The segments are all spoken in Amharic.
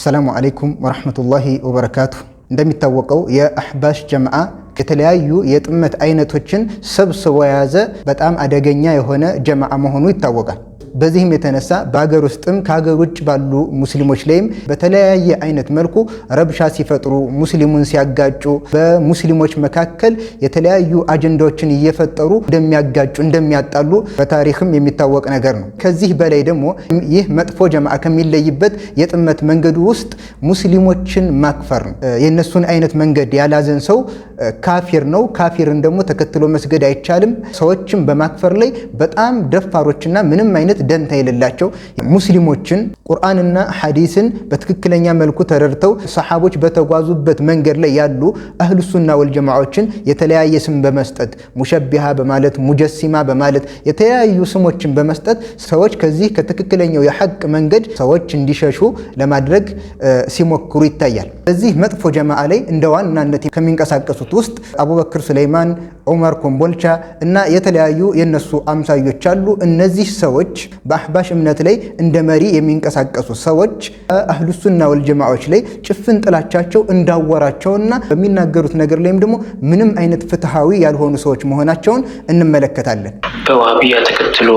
አሰላሙ አለይኩም ወረህመቱላሂ ወበረካቱ። እንደሚታወቀው የአሕባሽ ጀምዓ የተለያዩ የጥመት አይነቶችን ሰብስቦ የያዘ በጣም አደገኛ የሆነ ጀምዓ መሆኑ ይታወቃል። በዚህም የተነሳ በሀገር ውስጥም ከሀገር ውጭ ባሉ ሙስሊሞች ላይም በተለያየ አይነት መልኩ ረብሻ ሲፈጥሩ፣ ሙስሊሙን ሲያጋጩ፣ በሙስሊሞች መካከል የተለያዩ አጀንዳዎችን እየፈጠሩ እንደሚያጋጩ እንደሚያጣሉ በታሪክም የሚታወቅ ነገር ነው። ከዚህ በላይ ደግሞ ይህ መጥፎ ጀማ ከሚለይበት የጥመት መንገዱ ውስጥ ሙስሊሞችን ማክፈር ነው። የእነሱን አይነት መንገድ ያላዘን ሰው ካፊር ነው። ካፊርን ደግሞ ተከትሎ መስገድ አይቻልም። ሰዎችን በማክፈር ላይ በጣም ደፋሮችና ምንም አይነት ደንታ የሌላቸው ሙስሊሞችን ቁርአንና ሐዲስን በትክክለኛ መልኩ ተረድተው ሰሓቦች በተጓዙበት መንገድ ላይ ያሉ አህል ሱና ወልጀማዎችን የተለያየ ስም በመስጠት ሙሸቢሃ በማለት ሙጀሲማ በማለት የተለያዩ ስሞችን በመስጠት ሰዎች ከዚህ ከትክክለኛው የሐቅ መንገድ ሰዎች እንዲሸሹ ለማድረግ ሲሞክሩ ይታያል። እዚህ መጥፎ ጀማዓ ላይ እንደ ዋናነት ከሚንቀሳቀሱት ውስጥ አቡበክር ሱለይማን ዑመር ኮምቦልቻ እና የተለያዩ የነሱ አምሳዮች አሉ። እነዚህ ሰዎች በአህባሽ እምነት ላይ እንደ መሪ የሚንቀሳቀሱ ሰዎች አህሉሱና ወልጀማዎች ላይ ጭፍን ጥላቻቸው እንዳወራቸውና በሚናገሩት ነገር ላይም ደግሞ ምንም አይነት ፍትሃዊ ያልሆኑ ሰዎች መሆናቸውን እንመለከታለን። በዋቢያ ተከትሎ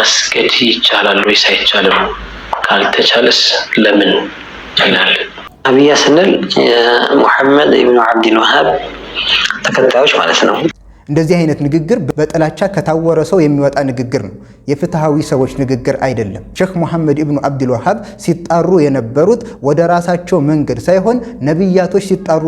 መስገድ ይቻላል ወይስ አይቻልም? ካልተቻለስ ለምን ይላል? አብያ ስንል ሙሐመድ ኢብኑ አብዲል ወሃብ ተከታዮች ማለት ነው። እንደዚህ አይነት ንግግር በጥላቻ ከታወረ ሰው የሚወጣ ንግግር ነው። የፍትሐዊ ሰዎች ንግግር አይደለም። ሼክ ሙሐመድ ኢብኑ አብዲል ወሃብ ሲጣሩ የነበሩት ወደ ራሳቸው መንገድ ሳይሆን ነቢያቶች ሲጣሩ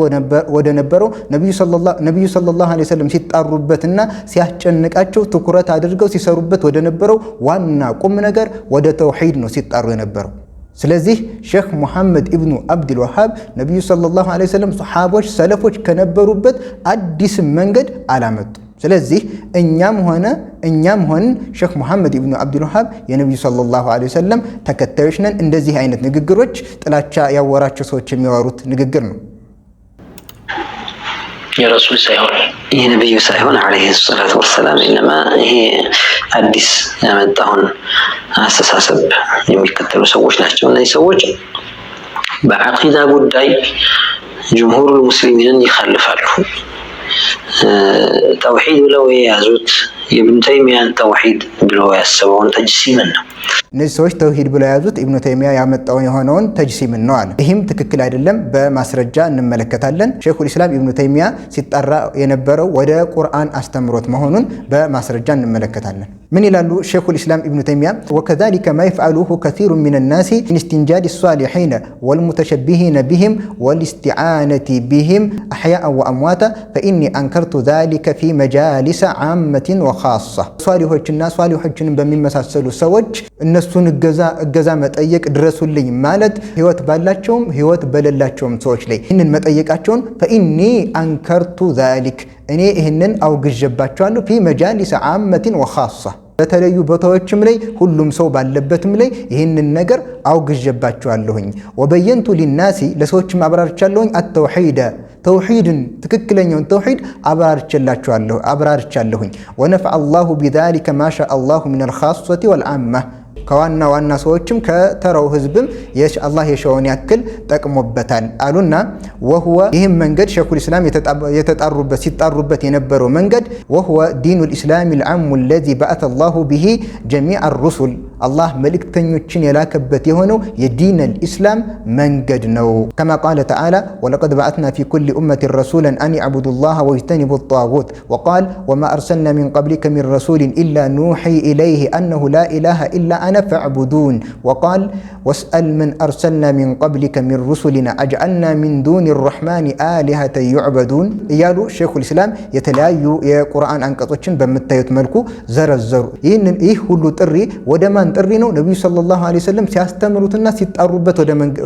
ወደ ነበረው ነቢዩ ሰለላሁ ዐለይሂ ወሰለም ሲጣሩበትና ሲያስጨንቃቸው ትኩረት አድርገው ሲሰሩበት ወደ ነበረው ዋና ቁም ነገር ወደ ተውሂድ ነው ሲጣሩ የነበረው። ስለዚህ ሼክ ሙሐመድ ኢብኑ አብድል ወሃብ ነቢዩ ሰለላሁ ዐለይሂ ወሰለም ሰሓቦች፣ ሰለፎች ከነበሩበት አዲስ መንገድ አላመጡም። ስለዚህ እኛም ሆነ እኛም ሆን ሼክ ሙሐመድ ኢብኑ አብድል ወሃብ የነቢዩ ሰለላሁ ዐለይሂ ወሰለም ተከታዮች ነን። እንደዚህ አይነት ንግግሮች ጥላቻ ያወራቸው ሰዎች የሚያወሩት ንግግር ነው። የረሱል ሳይሆን የነቢዩ ሳይሆን ዐለይሂ ሰላቱ ወሰላም አዲስ ያመጣውን አስተሳሰብ የሚከተሉ ሰዎች ናቸው። እነዚህ ሰዎች በዐቂዳ ጉዳይ ጅምሁሩል ሙስሊሚንን ይካልፋሉ። ተውሂድ ብለው የያዙት የኢብኑ ተይሚያን ተውሂድ ብለው ያሰበውን ተጅሲምን ነው። እነዚህ ሰዎች ተውሂድ ብለው የያዙት ኢብኑ ተይሚያ ያመጣውን የሆነውን ተጅሲምን ነው አለ። ይህም ትክክል አይደለም፣ በማስረጃ እንመለከታለን። ሼኹል ኢስላም ኢብኑ ተይሚያ ሲጠራ የነበረው ወደ ቁርአን አስተምሮት መሆኑን በማስረጃ እንመለከታለን። ምን ይላሉ ሼኹል ኢስላም ኢብኑ ተይሚያ? ወከዛሊከ ማ የፍዓሉሁ ከሲሩ ሚን ናሲ ኢንስቲንጃድ ሳሊሒነ ወልሙተሸቢሂነ ቢሂም ወልስቲዓነቲ ቢሂም አሕያአን ወአምዋታ ፈኢኒ አንከር ዘከርቱ ዛሊከ ፊ መጃሊሰ ዓመቲን ወኻሳ ሷሊሖችና ሷሊሖችንም በሚመሳሰሉ ሰዎች እነሱን እገዛ መጠየቅ ድረሱልኝ ማለት ህይወት ባላቸውም ህይወት በሌላቸውም ሰዎች ላይ ይህንን መጠየቃቸውን ፈኢኒ አንከርቱ ዛሊክ እኔ ይህንን አውግዤባቸዋለሁ ፊ መጃሊሰ ዓመቲን ወኻሳ በተለዩ ቦታዎችም ላይ ሁሉም ሰው ባለበትም ላይ ይህንን ነገር አውግዤባቸዋለሁኝ ወበየንቱ ሊናሲ ለሰዎችም አብራርቻለሁኝ አተውሒደ ተውሂድን ትክክለኛውን ተውሂድ አብራርቼላችኋለሁ አብራርቻለሁኝ። ወነፈዐ አላሁ ቢዛሊከ ማሻ አላሁ ሚነል ኻሰቲ ወልዓማ ከዋና ዋና ሰዎችም ከተራው ህዝብም አላህ የሸውን ያክል ጠቅሞበታል አሉና፣ ወህወ ይህም መንገድ ሸኩል ኢስላም የተጣሩበት ሲጣሩበት የነበረው መንገድ ወህወ ዲኑል ኢስላሚ ልዓሙ አለዚ በአተ አላሁ ብሂ ጀሚዐ ሩሱል الله ملك تنيوتشن يلاك بتيهونو يدين الإسلام من قد نو كما قال تعالى ولقد بعثنا في كل أمة رسولا أن يعبدوا الله ويجتنبوا الطاغوت وقال وما أرسلنا من قبلك من رسول إلا نوحي إليه أنه لا إله إلا أنا فاعبدون وقال واسأل من أرسلنا من قبلك من رسلنا أجعلنا من دون الرحمن آلهة يعبدون يالو شيخ الإسلام يتلايو يا قرآن أنكتوتشن بمتايوت ملكو زر الزر إيه كل تري ودمان የማን ጥሪ ነው? ነቢዩ ሰለላሁ ዐለይሂ ወሰለም ሲያስተምሩትና ሲጣሩበት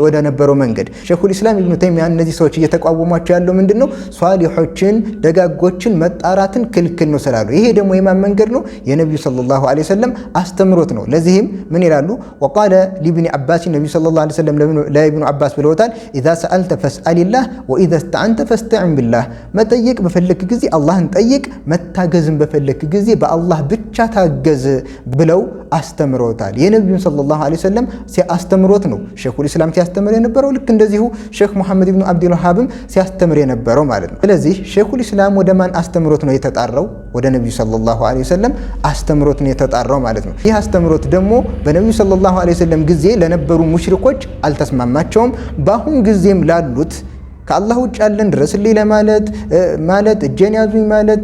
ወደ ነበረው መንገድ። ሸይኹል ኢስላም ኢብኑ ተይሚያ እነዚህ ሰዎች እየተቋወሟቸው ያለው ምንድን ነው? ሷሊሖችን ደጋጎችን መጣራትን ክልክል ነው ስላሉ፣ ይሄ ደግሞ የማን መንገድ ነው? የነቢዩ ሰለላሁ ዐለይሂ ወሰለም አስተምሮት ነው። ለዚህም ምን ይላሉ? ወቃለ ሊብኒ አባስ ነቢዩ ሰለላሁ ዐለይሂ ወሰለም ለኢብኑ አባስ ብለውታል። ኢዛ ሰአልተ ፈስአልላህ ወኢዛ ስተዓንተ ፈስተዕን ቢላህ። መጠየቅ በፈለክ ጊዜ አላህን ጠይቅ፣ መታገዝን በፈለክ ጊዜ በአላህ ብቻ ታገዝ ብለው አስተምሮታል። የነቢዩን ሰለላሁ ዐለይሂ ወሰለም ሲያስተምሮት ነው ሼኹል ኢስላም ሲያስተምር የነበረው ልክ እንደዚሁ ሼክ ሙሐመድ ብኑ አብዱል ሲያስተምር የነበረው ማለት ነው። ስለዚህ ሼኹል ኢስላም ወደ ማን አስተምሮት ነው የተጣራው? ወደ ነቢዩ ሰለላሁ ዐለይሂ ወሰለም አስተምሮት ነው የተጣራው ማለት ነው። ይህ አስተምሮት ደግሞ በነቢዩ ሰለላሁ ዐለይሂ ወሰለም ጊዜ ለነበሩ ሙሽሪኮች አልተስማማቸውም። በአሁን ጊዜም ላሉት ከአላህ ውጭ ያለን ድረስልኝ ለማለት ማለት እጄን ያዙኝ ማለት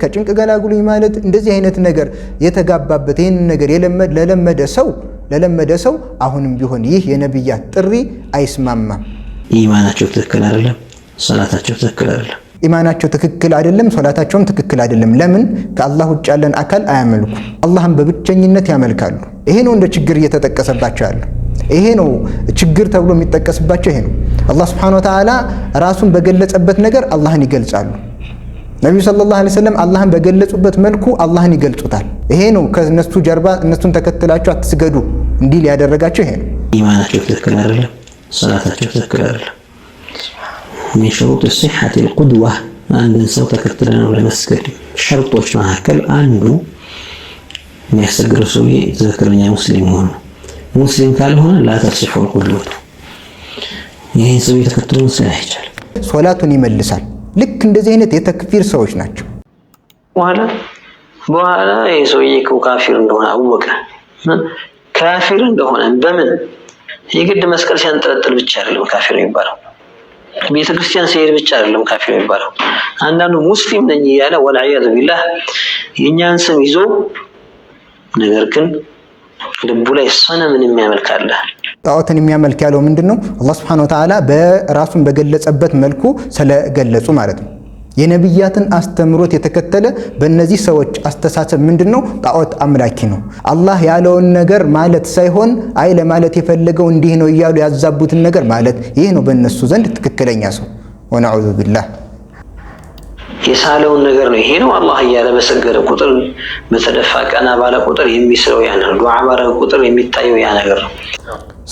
ከጭንቅ ገላግሉኝ ማለት እንደዚህ አይነት ነገር የተጋባበት ይህን ነገር ለለመደ ሰው ለለመደ ሰው አሁንም ቢሆን ይህ የነቢያት ጥሪ አይስማማም። ኢማናቸው ትክክል አይደለም፣ ሰላታቸው ትክክል አይደለም። ኢማናቸው ትክክል አይደለም፣ ሶላታቸውም ትክክል አይደለም። ለምን? ከአላህ ውጭ ያለን አካል አያመልኩም። አላህን በብቸኝነት ያመልካሉ። ይሄ ነው እንደ ችግር እየተጠቀሰባቸው ያለው። ይሄ ነው ችግር ተብሎ የሚጠቀስባቸው። ይሄ ነው አላህ ሱብሓነሁ ወተዓላ ራሱን በገለጸበት ነገር አላህን ይገልጻሉ። ነቢዩ ሰለላሁ ዐለይሂ ወሰለም አላህን በገለጹበት መልኩ አላህን ይገልጹታል። ይሄ ነው ከእነሱ ጀርባ እነሱን ተከትላቸው አትስገዱ እንዲህ ሊያደረጋቸው ይሄ ነው። ኢማናቸው ትክክል አይደለም፣ ሰላታቸው ትክክል አይደለም። ሚን ሹሩጥ ሲሐቲል ቁድዋ አንድን ሰው ተከትለ ነው ለመስገድ ሸርጦች መካከል አንዱ የሚያሰግደው ሰውዬ ትክክለኛ ሙስሊም ሆኑ ሙስሊም ካልሆነ ላተስሑ ቁዱቱ ይህን ሰው የተከተሉ ሙስሊም አይቻልም። ሶላቱን ይመልሳል። ልክ እንደዚህ አይነት የተክፊር ሰዎች ናቸው። በኋላ በኋላ ይህ ሰውዬ ካፊር እንደሆነ አወቀ። ካፊር እንደሆነ በምን የግድ መስቀል ሲያንጠለጥል ብቻ አይደለም ካፊር የሚባለው ቤተ ክርስቲያን ሲሄድ ብቻ አይደለም ካፊር የሚባለው። አንዳንዱ ሙስሊም ነኝ እያለ ወልዓያዙ ቢላህ የእኛን ስም ይዞ ነገር ግን ልቡ ላይ ሰነምን የሚያመልክ አለ። ጣዖትን የሚያመልክ ያለው ምንድን ነው? አላህ ስብሐነ ወተዓላ በራሱን በገለጸበት መልኩ ስለገለጹ ማለት ነው። የነቢያትን አስተምሮት የተከተለ በእነዚህ ሰዎች አስተሳሰብ ምንድን ነው? ጣዖት አምላኪ ነው። አላህ ያለውን ነገር ማለት ሳይሆን አይ ለማለት የፈለገው እንዲህ ነው እያሉ ያዛቡትን ነገር ማለት ይህ ነው በእነሱ ዘንድ ትክክለኛ ሰው ወነዑዙ ቢላህ የሳለውን ነገር ነው። ይሄ ነው አላህ እያለ በሰገደ ቁጥር በተደፋ ቀና ባለ ቁጥር የሚስለው ያ ነገር፣ ዱዓ ባረገ ቁጥር የሚታየው ያ ነገር ነው።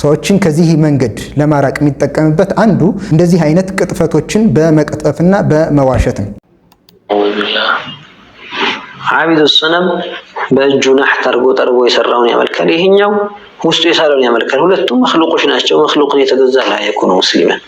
ሰዎችን ከዚህ መንገድ ለማራቅ የሚጠቀምበት አንዱ እንደዚህ አይነት ቅጥፈቶችን በመቅጠፍና በመዋሸት ነው። አቢዱ ሰነም በእጁ ናህት አድርጎ ጠርቦ የሰራውን ያመልካል፣ ይሄኛው ውስጡ የሳለውን ያመልካል። ሁለቱም መክሉቆች ናቸው። መክሉቅን የተገዛ ላያኩኑ ሙስሊመን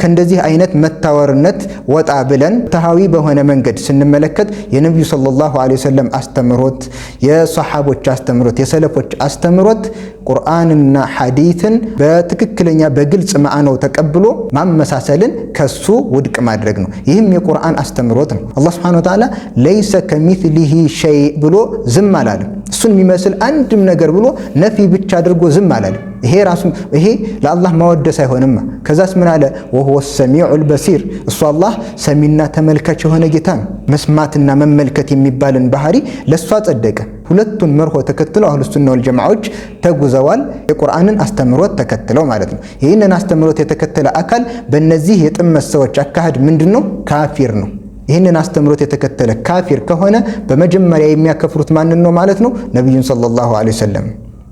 ከእንደዚህ አይነት መታወርነት ወጣ ብለን ፍትሃዊ በሆነ መንገድ ስንመለከት የነቢዩ ሰለላሁ ዐለይሂ ወሰለም አስተምሮት፣ የሰሓቦች አስተምሮት፣ የሰለፎች አስተምሮት ቁርአንና ሐዲትን በትክክለኛ በግልጽ ማዕናው ተቀብሎ ማመሳሰልን ከሱ ውድቅ ማድረግ ነው። ይህም የቁርአን አስተምሮት ነው። አላህ ሱብሓነሁ ወተዓላ ለይሰ ከሚትሊሂ ሸይ ብሎ ዝም አላለም። እሱን የሚመስል አንድም ነገር ብሎ ነፊ ብቻ አድርጎ ዝም አላለም። ይሄ ራሱ ይሄ ለአላህ ማወደስ አይሆንም ከዛስ ምን አለ? ወሁወ ሰሚዑል በሲር እሱ አላህ ሰሚና ተመልካች የሆነ ጌታ ነው። መስማትና መመልከት የሚባልን ባህሪ ለእሱ አጸደቀ። ሁለቱን መርሆ ተከትለው አህሉ ሱና ወል ተጉዘዋል። የቁርአንን አስተምሮት ተከትለው ማለት ነው። ይህንን አስተምሮት የተከተለ አካል በእነዚህ የጥመት ሰዎች አካሄድ ምንድን ነው? ካፊር ነው። ይህንን አስተምሮት የተከተለ ካፊር ከሆነ በመጀመሪያ የሚያከፍሩት ማንን ነው ማለት ነው? ነቢዩን ሰለላሁ ዐለይሂ ወሰለም።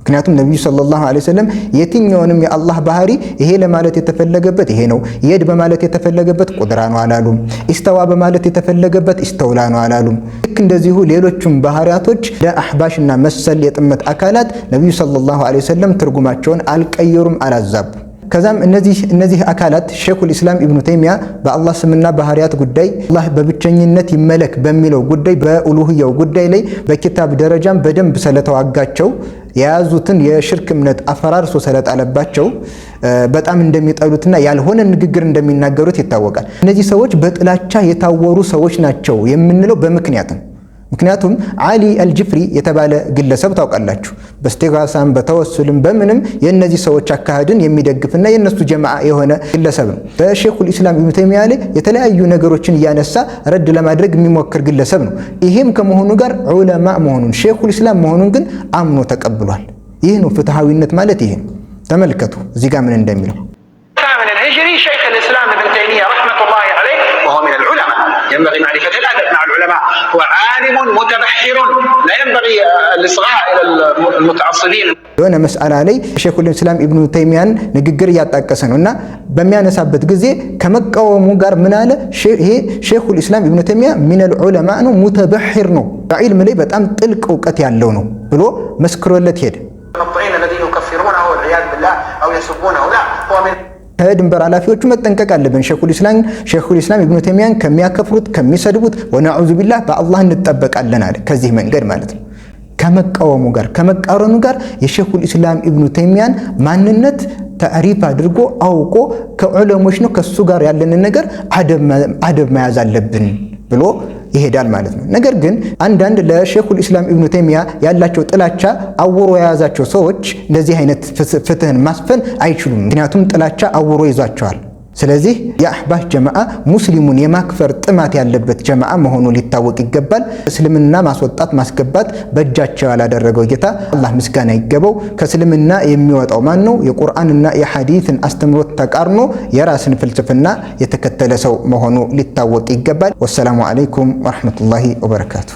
ምክንያቱም ነቢዩ ሰለላሁ ዐለይሂ ወሰለም የትኛውንም የአላህ ባህሪ ይሄ ለማለት የተፈለገበት ይሄ ነው፣ የድ በማለት የተፈለገበት ቁድራ ነው አላሉም። ኢስተዋ በማለት የተፈለገበት ኢስተውላ ነው አላሉም። ልክ እንደዚሁ ሌሎቹም ባህሪያቶች ለአሕባሽና መሰል የጥመት አካላት ነቢዩ ሰለላሁ ዐለይሂ ወሰለም ትርጉማቸውን አልቀየሩም፣ አላዛቡ ከዛም እነዚህ አካላት ሼኹል ኢስላም ኢብኑ ተይሚያ በአላህ ስምና ባህሪያት ጉዳይ አላህ በብቸኝነት ይመለክ በሚለው ጉዳይ በኡሉህያው ጉዳይ ላይ በኪታብ ደረጃም በደንብ ስለተዋጋቸው የያዙትን የሽርክ እምነት አፈራርሶ ስለጣለባቸው በጣም እንደሚጠሉትና ያልሆነ ንግግር እንደሚናገሩት ይታወቃል። እነዚህ ሰዎች በጥላቻ የታወሩ ሰዎች ናቸው የምንለው በምክንያት ነው። ምክንያቱም አሊ አልጅፍሪ የተባለ ግለሰብ ታውቃላችሁ በስቴጋሳም በተወሱልም በምንም የእነዚህ ሰዎች አካሄድን የሚደግፍና የእነሱ ጀማ የሆነ ግለሰብ ነው። በሼኹል ኢስላም ኢብኑ ተይሚያ ላይ የተለያዩ ነገሮችን እያነሳ ረድ ለማድረግ የሚሞክር ግለሰብ ነው። ይሄም ከመሆኑ ጋር ዑለማ መሆኑን ሼኩል ኢስላም መሆኑን ግን አምኖ ተቀብሏል። ይህ ነው ፍትሐዊነት ማለት ይሄ። ተመልከቱ እዚህ ጋር ምን እንደሚለው ينبغي معرفته لا مع العلماء هو عالم متبحر لا ينبغي الإصغاء إلى المتعصبين የሆነ መስአላ ላይ ሼኹል ኢስላም ኢብኑ ተይሚያን ንግግር እያጣቀሰ ነው እና በሚያነሳበት ጊዜ ከመቃወሙ ጋር ምን አለ? ይሄ ሼኹል ኢስላም ኢብኑ ተይሚያ ሚነል ዑለማ ነው፣ ሙተበሒር ነው፣ በዒልም ላይ በጣም ጥልቅ እውቀት ያለው ነው ብሎ መስክሮለት ሄደ። ድንበር ኃላፊዎቹ መጠንቀቅ አለብን። ሸኹል ኢስላም ሸኹል ኢስላም ኢብኑ ተይሚያን ከሚያከፍሩት ከሚሰድቡት፣ ወነዑዙ ቢላህ በአላህ እንጠበቃለን አለ። ከዚህ መንገድ ማለት ነው ከመቃወሙ ጋር ከመቃረኑ ጋር የሸኹል ኢስላም ኢብኑ ተይሚያን ማንነት ተዕሪፍ አድርጎ አውቆ ከዑለሞች ነው ከሱ ጋር ያለንን ነገር አደብ መያዝ አለብን ብሎ ይሄዳል ማለት ነው። ነገር ግን አንዳንድ ለሼኹል ኢስላም ኢብኑ ተይሚያ ያላቸው ጥላቻ አውሮ የያዛቸው ሰዎች እንደዚህ አይነት ፍትህን ማስፈን አይችሉም። ምክንያቱም ጥላቻ አውሮ ይዟቸዋል። ስለዚህ የአሕባሽ ጀማዓ ሙስሊሙን የማክፈር ጥማት ያለበት ጀማዓ መሆኑ ሊታወቅ ይገባል። እስልምና ማስወጣት ማስገባት በእጃቸው ያላደረገው ጌታ አላህ ምስጋና ይገባው። ከእስልምና የሚወጣው ማን ነው? የቁርአንና የሐዲትን አስተምሮት ተቃርኖ የራስን ፍልስፍና የተከተለ ሰው መሆኑ ሊታወቅ ይገባል። ወሰላሙ ዓለይኩም ወረሕመቱላሂ ወበረካቱ።